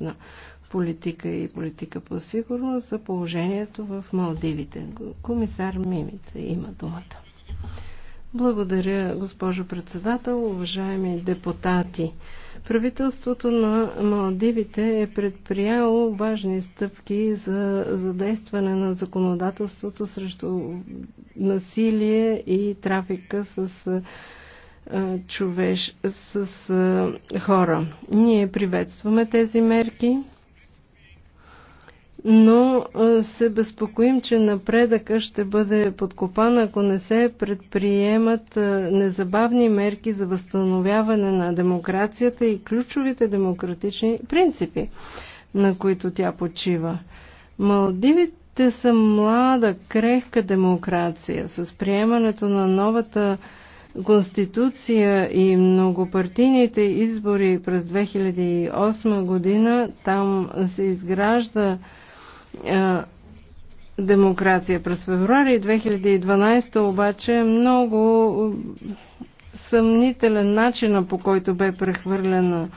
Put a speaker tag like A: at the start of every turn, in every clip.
A: външна политика и политика по сигурност за положението в Малдивите. Комисар Мимица има думата. Благодаря, госпожо председател, уважаеми депутати. Правителството на Малдивите е предприяло важни стъпки за задействане на законодателството срещу насилие и трафика с човеш, с, а, хора. Ние приветстваме тези мерки, но се безпокоим, че напредъка ще бъде подкопан, ако не се предприемат незабавни мерки за възстановяване на демокрацията и ключовите демократични принципи, на които тя почива. Малдивите са млада, крехка демокрация. С приемането на новата Конституция и многопартийните избори през 2008 година, там се изгражда демокрация. През февруари 2012 обаче много съмнителен начина по който бе прехвърлена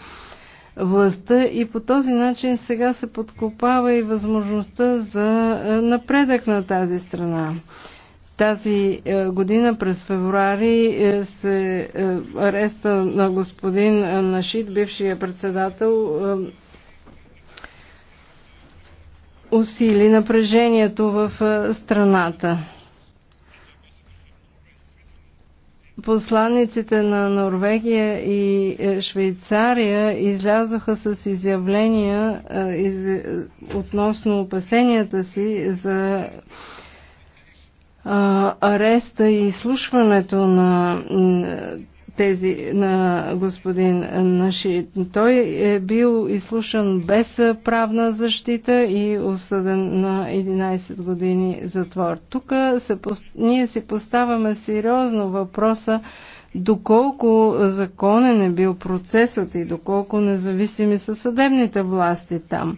A: властта и по този начин сега се подкопава и възможността за напредък на тази страна. Тази е, година през февруари е, се е, ареста на господин Нашид, бившия председател, усили напрежението в страната. Посланниците на Норвегия и Швейцария излязоха с изявления из... относно опасенията си за ареста и изслушването на тези на господин Наши. Той е бил изслушан без правна защита и осъден на 11 години затвор. Тук се, ние си поставяме сериозно въпроса доколко законен е бил процесът и доколко независими са съдебните власти там.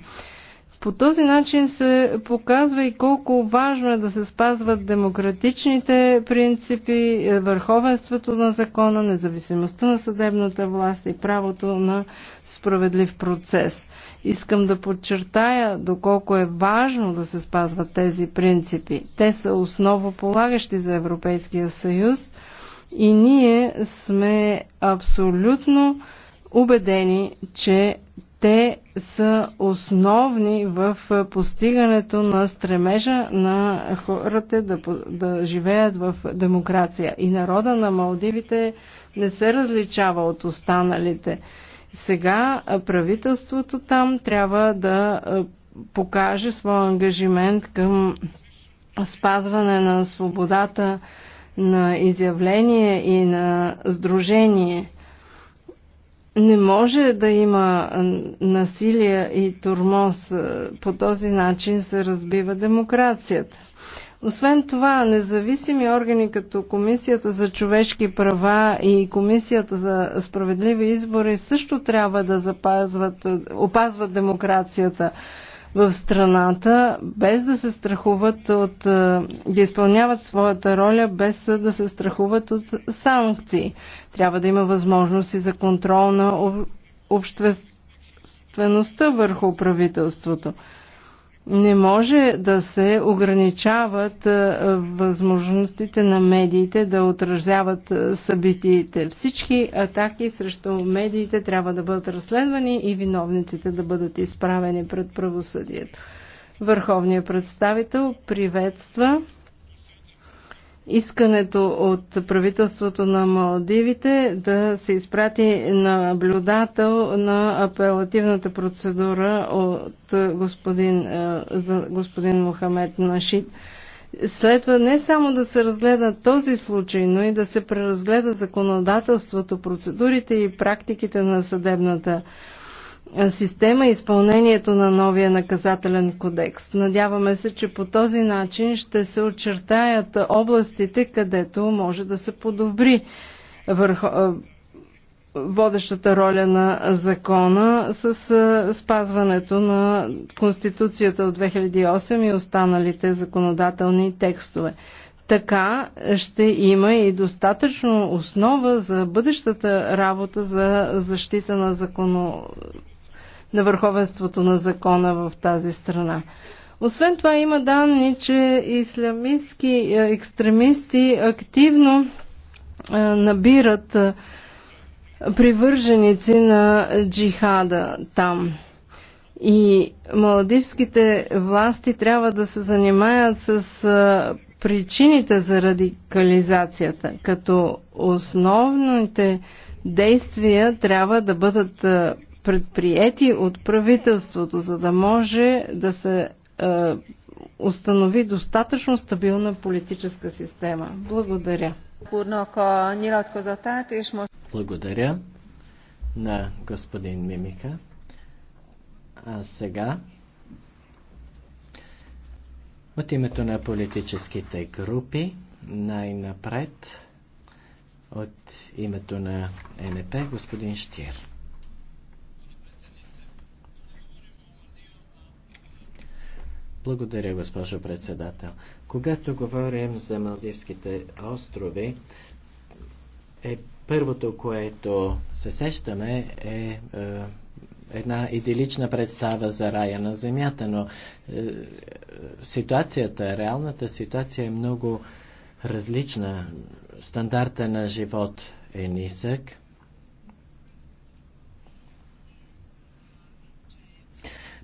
A: По този начин се показва и колко важно е да се спазват демократичните принципи, е, върховенството на закона, независимостта на съдебната власт и правото на справедлив процес. Искам да подчертая доколко е важно да се спазват тези принципи. Те са основополагащи за Европейския съюз и ние сме абсолютно убедени, че те са основни в постигането на стремежа на хората да, да живеят в демокрация. И народа на Малдивите не се различава от останалите. Сега правителството там трябва да покаже своя ангажимент към спазване на свободата на изявление и на сдружение – не може да има насилие и турмоз. По този начин се разбива демокрацията. Освен това, независими органи като Комисията за човешки права и Комисията за справедливи избори също трябва да запазват, опазват демокрацията в страната, без да се страхуват от, е, да изпълняват своята роля, без да се страхуват от санкции. Трябва да има възможности за контрол на обществеността върху правителството. Не може да се ограничават е, възможностите на медиите да отразяват е, събитиите. Всички атаки срещу медиите трябва да бъдат разследвани и виновниците да бъдат изправени пред правосъдието. Върховният представител приветства искането от правителството на Малдивите да се изпрати наблюдател на апелативната процедура от господин, е, за господин Мохамед Нашид. Следва не само да се разгледа този случай, но и да се преразгледа законодателството, процедурите и практиките на съдебната система и изпълнението на новия наказателен кодекс. Надяваме се, че по този начин ще се очертаят областите, където може да се подобри върху, водещата роля на закона с спазването на Конституцията от 2008 и останалите законодателни текстове. Така ще има и достатъчно основа за бъдещата работа за защита на законодателството на върховенството на закона в тази страна. Освен това има данни, че исламистски е, екстремисти активно е, набират е, привърженици на джихада там. И младивските власти трябва да се занимаят с причините за радикализацията, като основните действия трябва да бъдат предприяти от правителството, за да може да се е, установи достатъчно стабилна политическа система. Благодаря.
B: Благодаря на господин Мимика. А сега от името на политическите групи най-напред от името на НП господин Штир. Благодаря, госпожо председател. Когато говорим за Малдивските острови, е първото, което се сещаме е, е една идилична представа за рая на земята, но е, ситуацията, реалната ситуация е много различна. Стандарта на живот е нисък.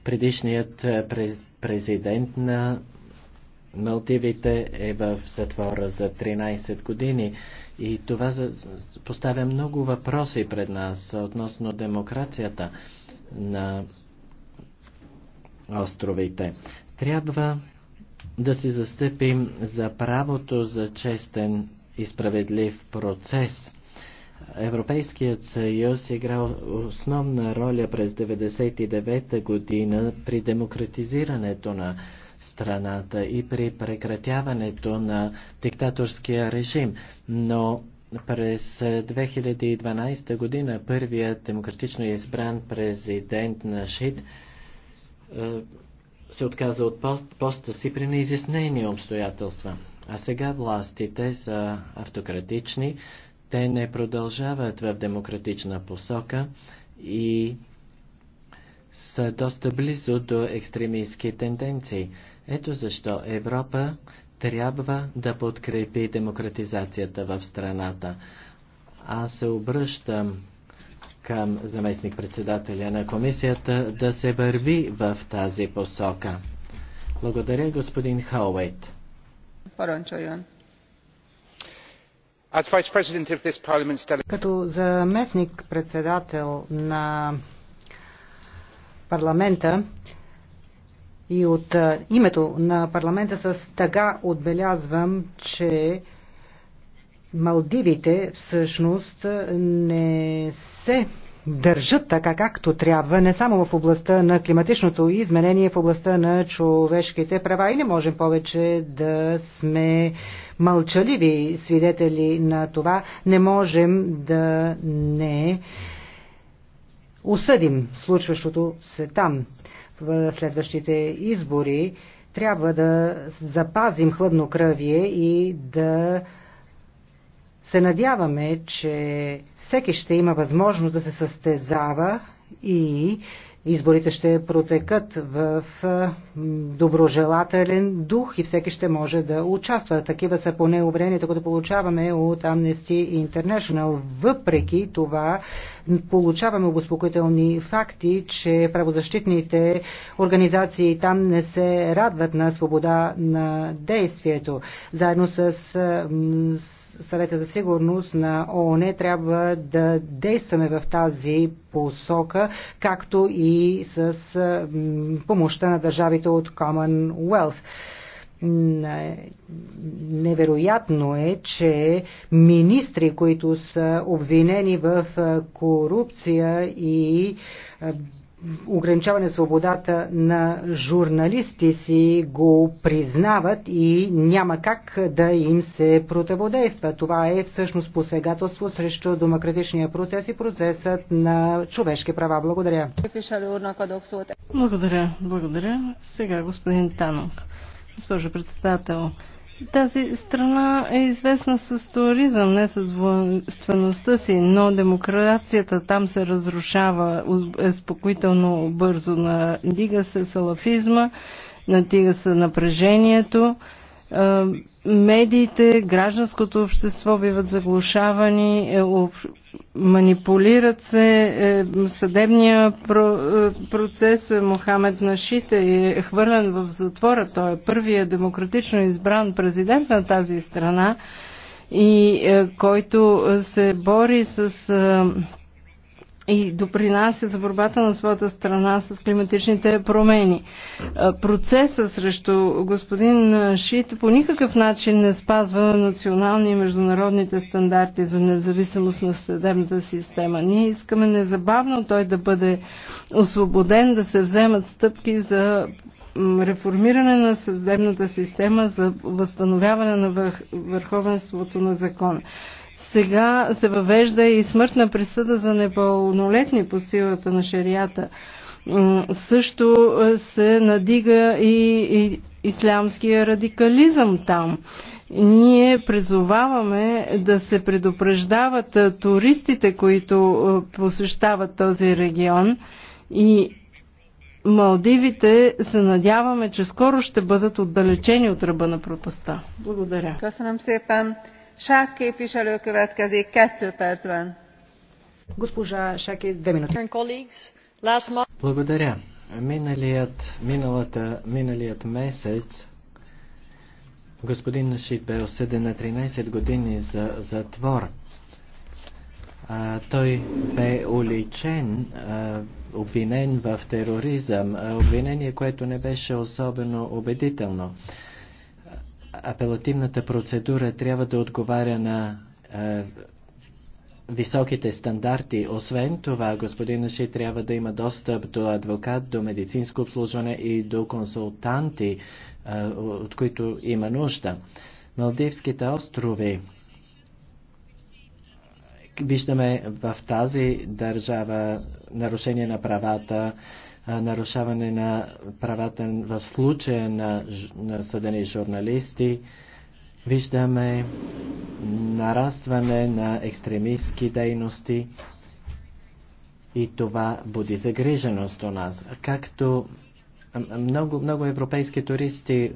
B: Предишният е, президент на Малдивите е в затвора за 13 години и това поставя много въпроси пред нас относно демокрацията на островите. Трябва да се застъпим за правото за честен и справедлив процес – Европейският съюз игра основна роля през 1999 година при демократизирането на страната и при прекратяването на диктаторския режим, но през 2012 година първият демократично избран президент на ШИД е, се отказа от пост, поста си при неизяснени обстоятелства. А сега властите са автократични, те не продължават в демократична посока и са доста близо до екстремистски тенденции. Ето защо Европа трябва да подкрепи демократизацията в страната. Аз се обръщам към заместник-председателя на комисията да се върви в тази посока. Благодаря, господин Хауейт.
C: Паранчойон. Като заместник председател на парламента и от името на парламента с тъга отбелязвам, че Малдивите всъщност не се държат така както трябва, не само в областта на климатичното изменение, в областта на човешките права и не можем повече да сме мълчаливи свидетели на това. Не можем да не осъдим случващото се там в следващите избори. Трябва да запазим хладнокръвие и да се надяваме, че всеки ще има възможност да се състезава и изборите ще протекат в доброжелателен дух и всеки ще може да участва. Такива са поне уверенията, които получаваме от Amnesty International. Въпреки това получаваме обоспокоителни факти, че правозащитните организации там не се радват на свобода на действието. Заедно с съвета за сигурност на ООН трябва да действаме в тази посока, както и с помощта на държавите от Commonwealth. Е, невероятно е, че министри, които са обвинени в е, корупция и е, ограничаване свободата на журналисти си го признават и няма как да им се противодейства. Това е всъщност посегателство срещу демократичния процес и процесът на човешки права. Благодаря.
A: Благодаря, благодаря. Сега господин Танок. Госпожо председател, тази страна е известна с туризъм, не с военствеността си, но демокрацията там се разрушава успокоително бързо. Надига се салафизма, натига се напрежението е, медиите, гражданското общество биват заглушавани, е, манипулират се, е, съдебния процес Мохамед Нашите е хвърлен в затвора. Той е първият демократично избран президент на тази страна и който се бори с и допринася за борбата на своята страна с климатичните промени. Процеса срещу господин Шит по никакъв начин не спазва национални и международните стандарти за независимост на съдебната система. Ние искаме незабавно той да бъде освободен, да се вземат стъпки за реформиране на съдебната система за възстановяване на върховенството на закона. Сега се въвежда и смъртна присъда за непълнолетни по силата на шарията. Също е, се надига и, и ислямския радикализъм там. Ние призоваваме да се предупреждават е, туристите, които е, посещават този регион и Малдивите се надяваме, че скоро ще бъдат отдалечени от ръба на пропаста. Благодаря.
B: Благодаря. Миналият, миналата, миналият месец господин Нашид бе осъден на 13 години за затвор. той бе уличен, обвинен в тероризъм, обвинение, което не беше особено убедително апелативната процедура трябва да отговаря на е, високите стандарти. Освен това, господин Ши трябва да има достъп до адвокат, до медицинско обслужване и до консултанти, е, от които има нужда. Малдивските острови. Виждаме в тази държава нарушение на правата, нарушаване на правата в случая на, на съдени журналисти. Виждаме нарастване на екстремистски дейности и това буди загриженост у нас. Както много, много европейски туристи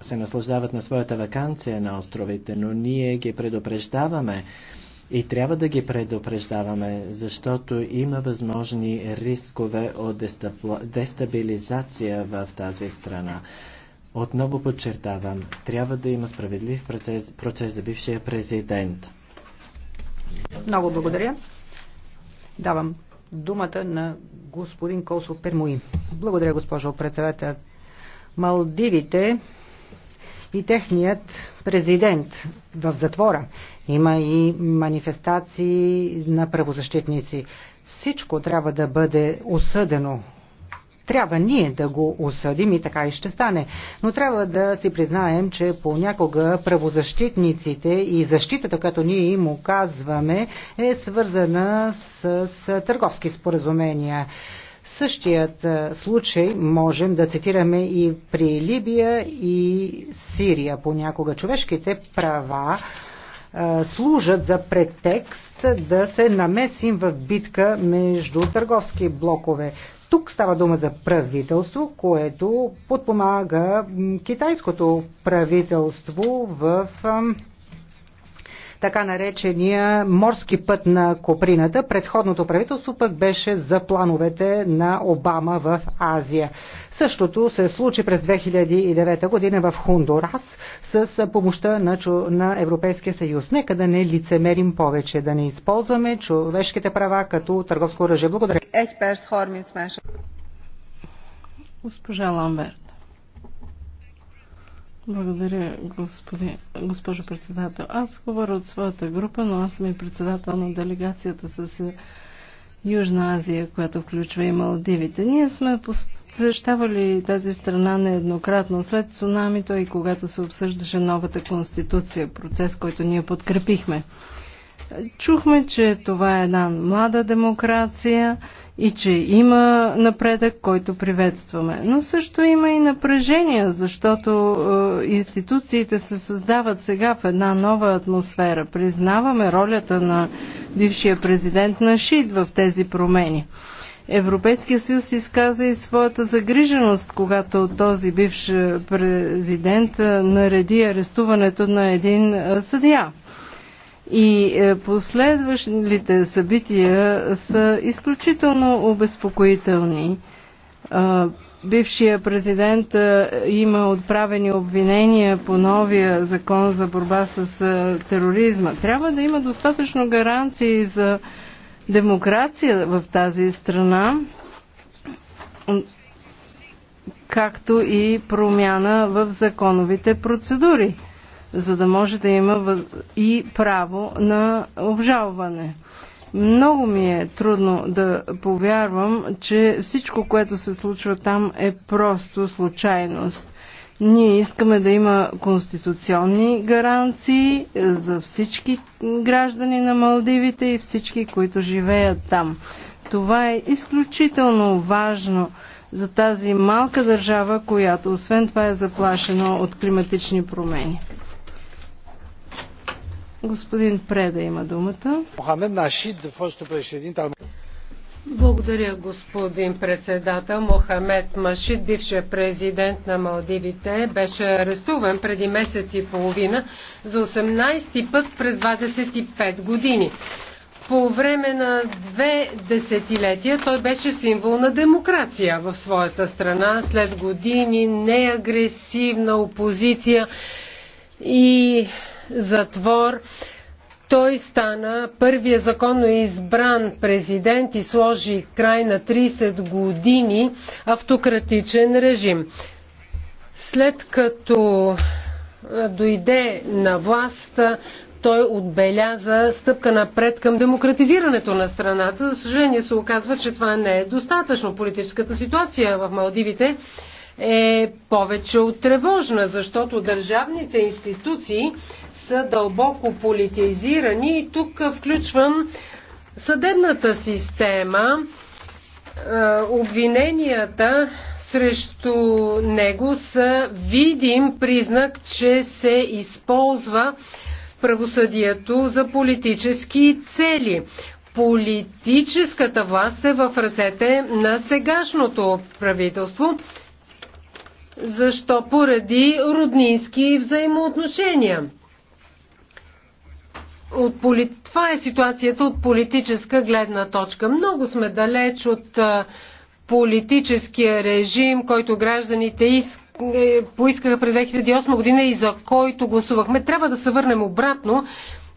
B: се наслаждават на своята вакансия на островите, но ние ги предупреждаваме и трябва да ги предупреждаваме, защото има възможни рискове от дестабилизация в тази страна. Отново подчертавам, трябва да има справедлив процес, процес за бившия президент.
C: Много благодаря. Давам думата на господин Колсо Пермуи. Благодаря, госпожо председател. Малдивите и техният президент в затвора. Има и манифестации на правозащитници. Всичко трябва да бъде осъдено. Трябва ние да го осъдим и така и ще стане. Но трябва да си признаем, че понякога правозащитниците и защитата, която ние им оказваме, е свързана с, с търговски споразумения. Същият случай можем да цитираме и при Либия и Сирия. Понякога човешките права служат за претекст да се намесим в битка между търговски блокове. Тук става дума за правителство, което подпомага китайското правителство в така наречения морски път на Коприната. Предходното правителство пък беше за плановете на Обама в Азия. Същото се случи през 2009 година в Хондурас с помощта на, чу... на Европейския съюз. Нека да не лицемерим повече, да не използваме човешките права като търговско оръжие. Благодаря.
A: Госпожа Ламберт. Благодаря, господин, госпожо председател. Аз говоря от своята група, но аз съм и председател на делегацията с Южна Азия, която включва и Малдивите. Ние сме посещавали тази страна нееднократно след цунамито и когато се обсъждаше новата конституция, процес, който ние подкрепихме. Чухме, че това е една млада демокрация и че има напредък, който приветстваме. Но също има и напрежение, защото е, институциите се създават сега в една нова атмосфера. Признаваме ролята на бившия президент на ШИД в тези промени. Европейския съюз изказа и своята загриженост, когато този бивш е, президент е, нареди арестуването на един е, съдия. И е, последващите събития са изключително обезпокоителни. Е, бившия президент е, има отправени обвинения по новия закон за борба с тероризма. Трябва да има достатъчно гаранции за демокрация в тази страна, както и промяна в законовите процедури за да може да има и право на обжалване. Много ми е трудно да повярвам, че всичко, което се случва там е просто случайност. Ние искаме да има конституционни гаранции за всички граждани на Малдивите и всички, които живеят там. Това е изключително важно за тази малка държава, която освен това е заплашена от климатични промени. Господин Преда има думата.
B: Мохамед Нашид,
A: фосту președинт
D: Благодаря, господин председател. Мохамед Машид, бившия президент на Малдивите, беше арестуван преди месец и половина за 18 ти път през 25 години. По време на две десетилетия той беше символ на демокрация в своята страна, след години неагресивна опозиция и затвор. Той стана първия законно избран президент и сложи край на 30 години автократичен режим. След като дойде на власт, той отбеляза стъпка напред към демократизирането на страната. За съжаление се оказва, че това не е достатъчно. Политическата ситуация в Малдивите е повече от тревожна, защото държавните институции са дълбоко политизирани и тук включвам съдебната система, е, обвиненията срещу него са видим признак, че се използва правосъдието за политически цели. Политическата власт е в ръцете на сегашното правителство защо? Поради роднински взаимоотношения. От поли... Това е ситуацията от политическа гледна точка. Много сме далеч от политическия режим, който гражданите из... Е, поискаха през 2008 година и за който гласувахме. Трябва да се върнем обратно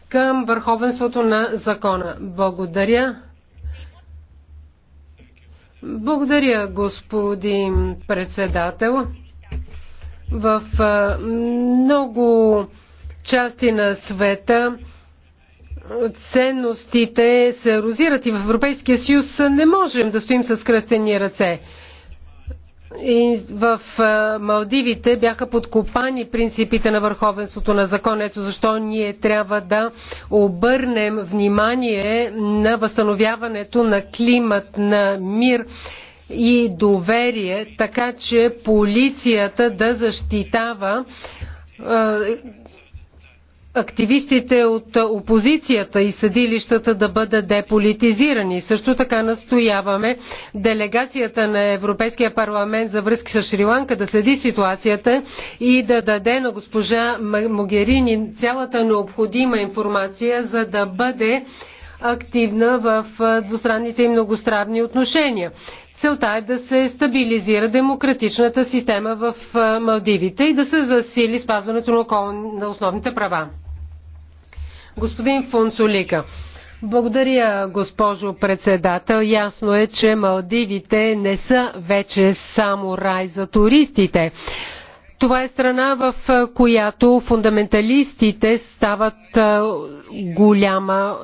D: към върховенството на закона. Благодаря. Благодаря, господин председател. В много части на света ценностите се розират и в Европейския съюз не можем да стоим с кръстени ръце. И в Малдивите бяха подкопани принципите на върховенството на закон, Ето защо ние трябва да обърнем внимание на възстановяването на климат на мир и доверие, така че полицията да защитава активистите от опозицията и съдилищата да бъдат деполитизирани. Също така настояваме делегацията на Европейския парламент за връзки с Шри-Ланка да следи ситуацията и да даде на госпожа Могерини цялата необходима информация, за да бъде активна в двустранните и многостранни отношения. Целта е да се стабилизира демократичната система в Малдивите и да се засили спазването на, окол... на основните права. Господин Фунцулика, благодаря, госпожо председател. Ясно е, че Малдивите не са вече само рай за туристите. Това е страна, в която фундаменталистите стават голяма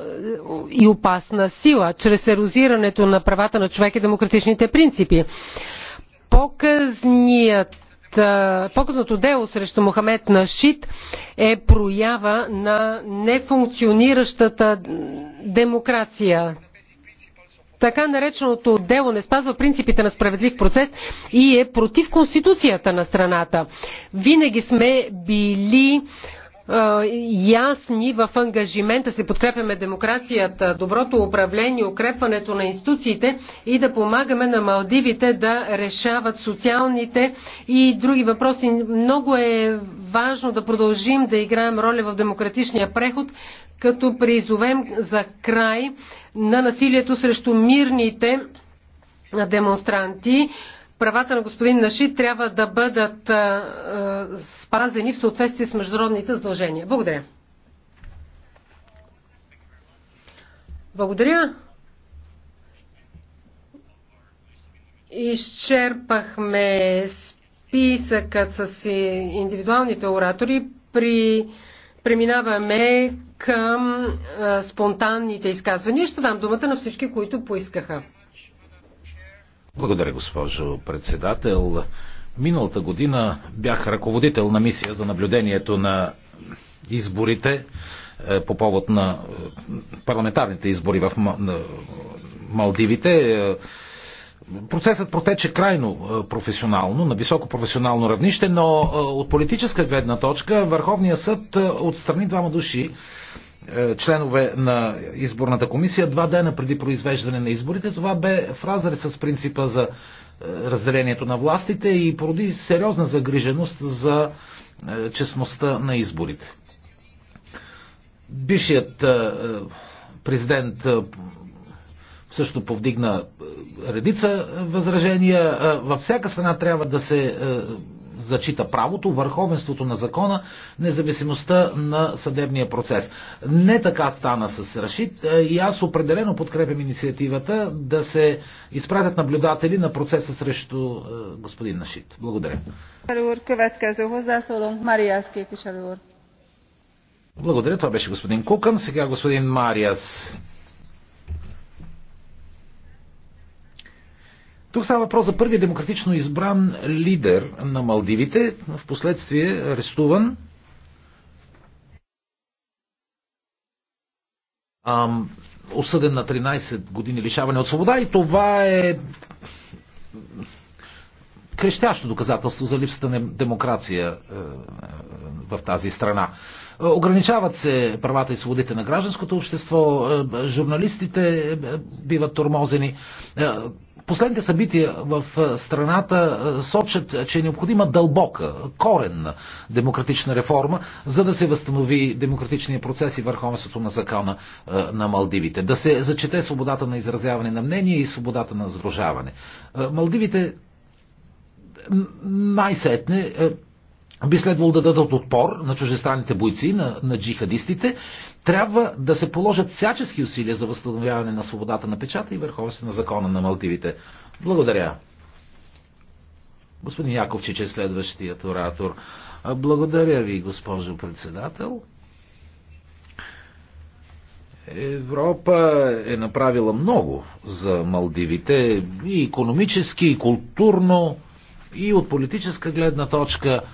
D: и опасна сила чрез ерозирането на правата на човек и демократичните принципи. Показният показното дело срещу Мохамед Нашид е проява на нефункциониращата демокрация така нареченото дело не спазва принципите на справедлив процес и е против конституцията на страната. Винаги сме били ясни в ангажимента си подкрепяме демокрацията, доброто управление, укрепването на институциите и да помагаме на Малдивите да решават социалните и други въпроси. Много е важно да продължим да играем роля в демократичния преход, като призовем за край на насилието срещу мирните демонстранти правата на господин Наши трябва да бъдат спазени в съответствие с международните задължения. Благодаря. Благодаря. Изчерпахме списъкът с индивидуалните оратори. При... Преминаваме към спонтанните изказвания. Ще дам думата на всички, които поискаха.
E: Благодаря, госпожо председател. Миналата година бях ръководител на мисия за наблюдението на изборите е, по повод на е, парламентарните избори в Малдивите. Е, процесът протече крайно професионално, на високо професионално равнище, но от политическа гледна точка Върховния съд отстрани двама души е, членове на изборната комисия два дена преди произвеждане на изборите. Това бе в разрез с принципа за е, разделението на властите и породи сериозна загриженост за е, честността на изборите. Бившият президент също повдигна редица възражения. Във всяка страна трябва да се зачита правото, върховенството на закона, независимостта на съдебния процес. Не така стана с Рашид и аз определено подкрепям инициативата да се изпратят наблюдатели на процеса срещу господин Нашид. Благодаря. Благодаря, това беше господин Кукан. Сега господин Мариас. Тук става въпрос за първият демократично избран лидер на Малдивите, в последствие арестуван. Ам, осъден на 13 години лишаване от свобода и това е крещящо доказателство за липсата на демокрация е, е, в тази страна. Е, ограничават се правата и свободите на гражданското общество, журналистите биват тормозени, Последните събития в е, страната е, сочат, е, че е необходима дълбока, коренна демократична реформа, за да се възстанови демократичния процес и върховенството на закона на Малдивите. Да се зачете свободата на изразяване на мнение и свободата на сдружаване. Малдивите най-сетне би следвало да дадат отпор на чужестранните бойци, на, на джихадистите, трябва да се положат всячески усилия за възстановяване на свободата на печата и върховенство на закона на Малтивите. Благодаря. Господин Яковчич е следващият оратор. Благодаря ви, госпожо председател. Европа е направила много за Малдивите и економически, и културно, и от политическа гледна точка –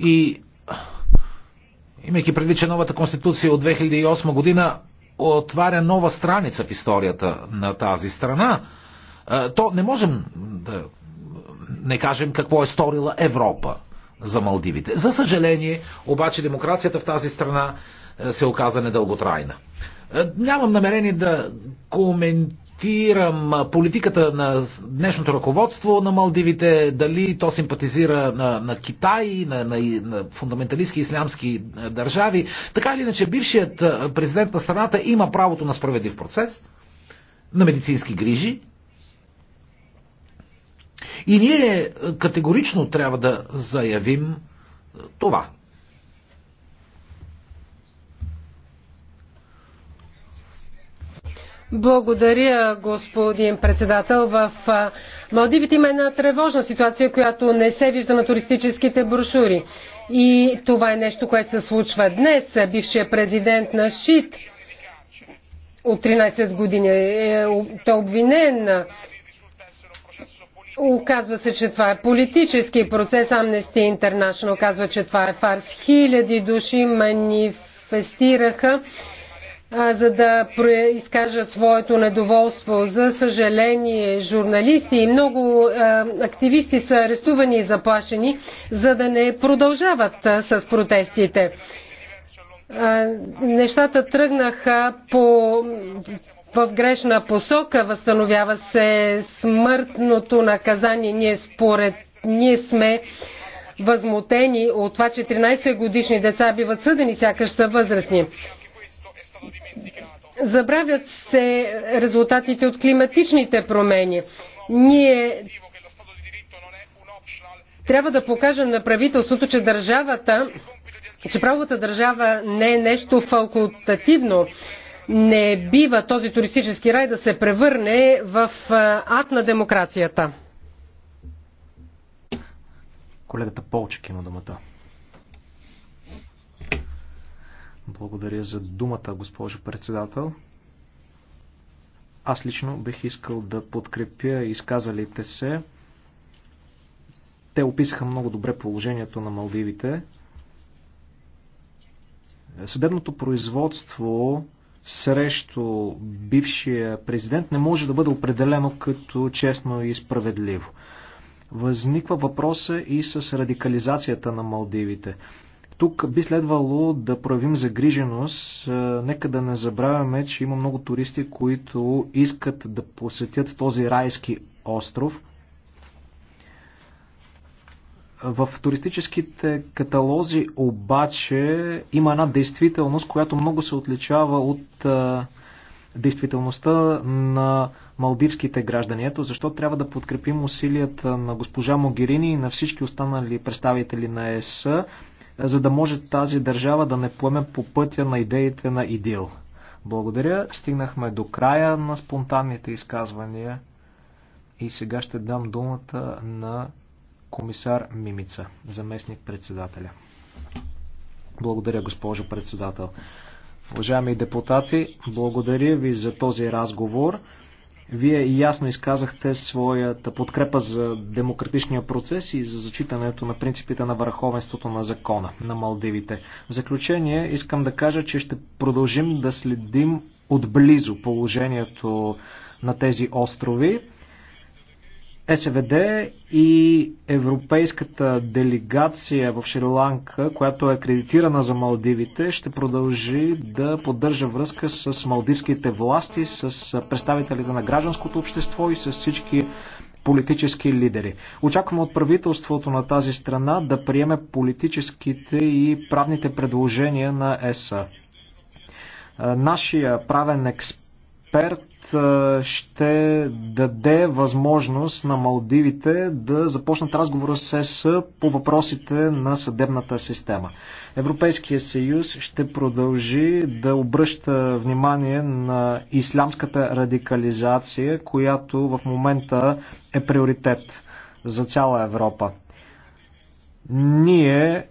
E: И имайки предвид, че новата конституция от 2008 година отваря нова страница в историята на тази страна, то не можем да не кажем какво е сторила Европа за Малдивите. За съжаление, обаче демокрацията в тази страна се оказа недълготрайна. Нямам намерение да коментирам коментирам политиката на днешното ръководство на Малдивите, дали то симпатизира на, на Китай, на, на, на фундаменталистски ислямски е, държави. Така или иначе, бившият е, президент на страната има правото на справедлив процес, на медицински грижи. И ние е, категорично трябва да заявим това.
D: Благодаря, господин председател. В Малдивите има една тревожна ситуация, която не се вижда на туристическите брошури. И това е нещо, което се случва днес. Бившият президент на ШИТ от 13 години е, е, обвинен. Оказва се, че това е политически процес. Amnesty International казва, че това е фарс. Хиляди души манифестираха за да изкажат своето недоволство. За съжаление, журналисти и много активисти са арестувани и заплашени, за да не продължават с протестите. Нещата тръгнаха по, в грешна посока, възстановява се смъртното наказание. Ние, според, ние сме възмутени от това, че 13 годишни деца биват съдени, сякаш са възрастни Забравят се резултатите от климатичните промени. Ние трябва да покажем на правителството, че държавата, че правовата държава не е нещо факултативно. Не бива този туристически рай да се превърне в ад на демокрацията.
F: Колегата Полчик има думата. Благодаря за думата, госпожо председател. Аз лично бих искал да подкрепя изказалите се. Те описаха много добре положението на Малдивите. Съдебното производство срещу бившия президент не може да бъде определено като честно и справедливо. Възниква въпроса и с радикализацията на Малдивите. Тук би следвало да проявим загриженост. Е, нека да не забравяме, че има много туристи, които искат да посетят този райски остров. В туристическите каталози обаче има една действителност, която много се отличава от е, действителността на малдивските граждани. Ето защо трябва да подкрепим усилията на госпожа Могерини и на всички останали представители на ЕС за да може тази държава да не поеме по пътя на идеите на ИДИЛ. Благодаря. Стигнахме до края на спонтанните изказвания и сега ще дам думата на комисар Мимица, заместник председателя. Благодаря, госпожо председател. Уважаеми депутати, благодаря ви за този разговор. Вие ясно изказахте своята подкрепа за демократичния процес и за зачитането на принципите на върховенството на закона на Малдивите. В заключение искам да кажа, че ще продължим да следим отблизо положението на тези острови. СВД и европейската делегация в Шри-Ланка, която е акредитирана за Малдивите, ще продължи да поддържа връзка с малдивските власти, с представителите на гражданското общество и с всички политически лидери. Очакваме от правителството на тази страна да приеме политическите и правните предложения на ЕСА. Нашия правен експерт експерт ще даде възможност на Малдивите да започнат разговора с ЕС по въпросите на съдебната система. Европейския съюз ще продължи да обръща внимание на ислямската радикализация, която в момента е приоритет за цяла Европа. Ние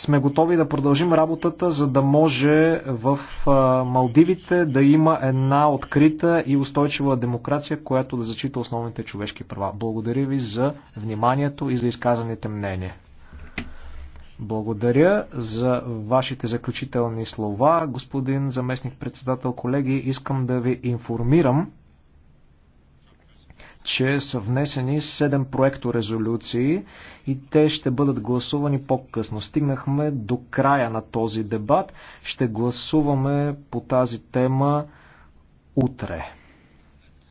F: сме готови да продължим работата, за да може в Малдивите да има една открита и устойчива демокрация, която да зачита основните човешки права. Благодаря ви за вниманието и за изказаните мнения. Благодаря за вашите заключителни слова, господин заместник председател, колеги. Искам да ви информирам, че са внесени 7 проекто резолюции и те ще бъдат гласувани по-късно. Стигнахме до края на този дебат. Ще гласуваме по тази тема утре.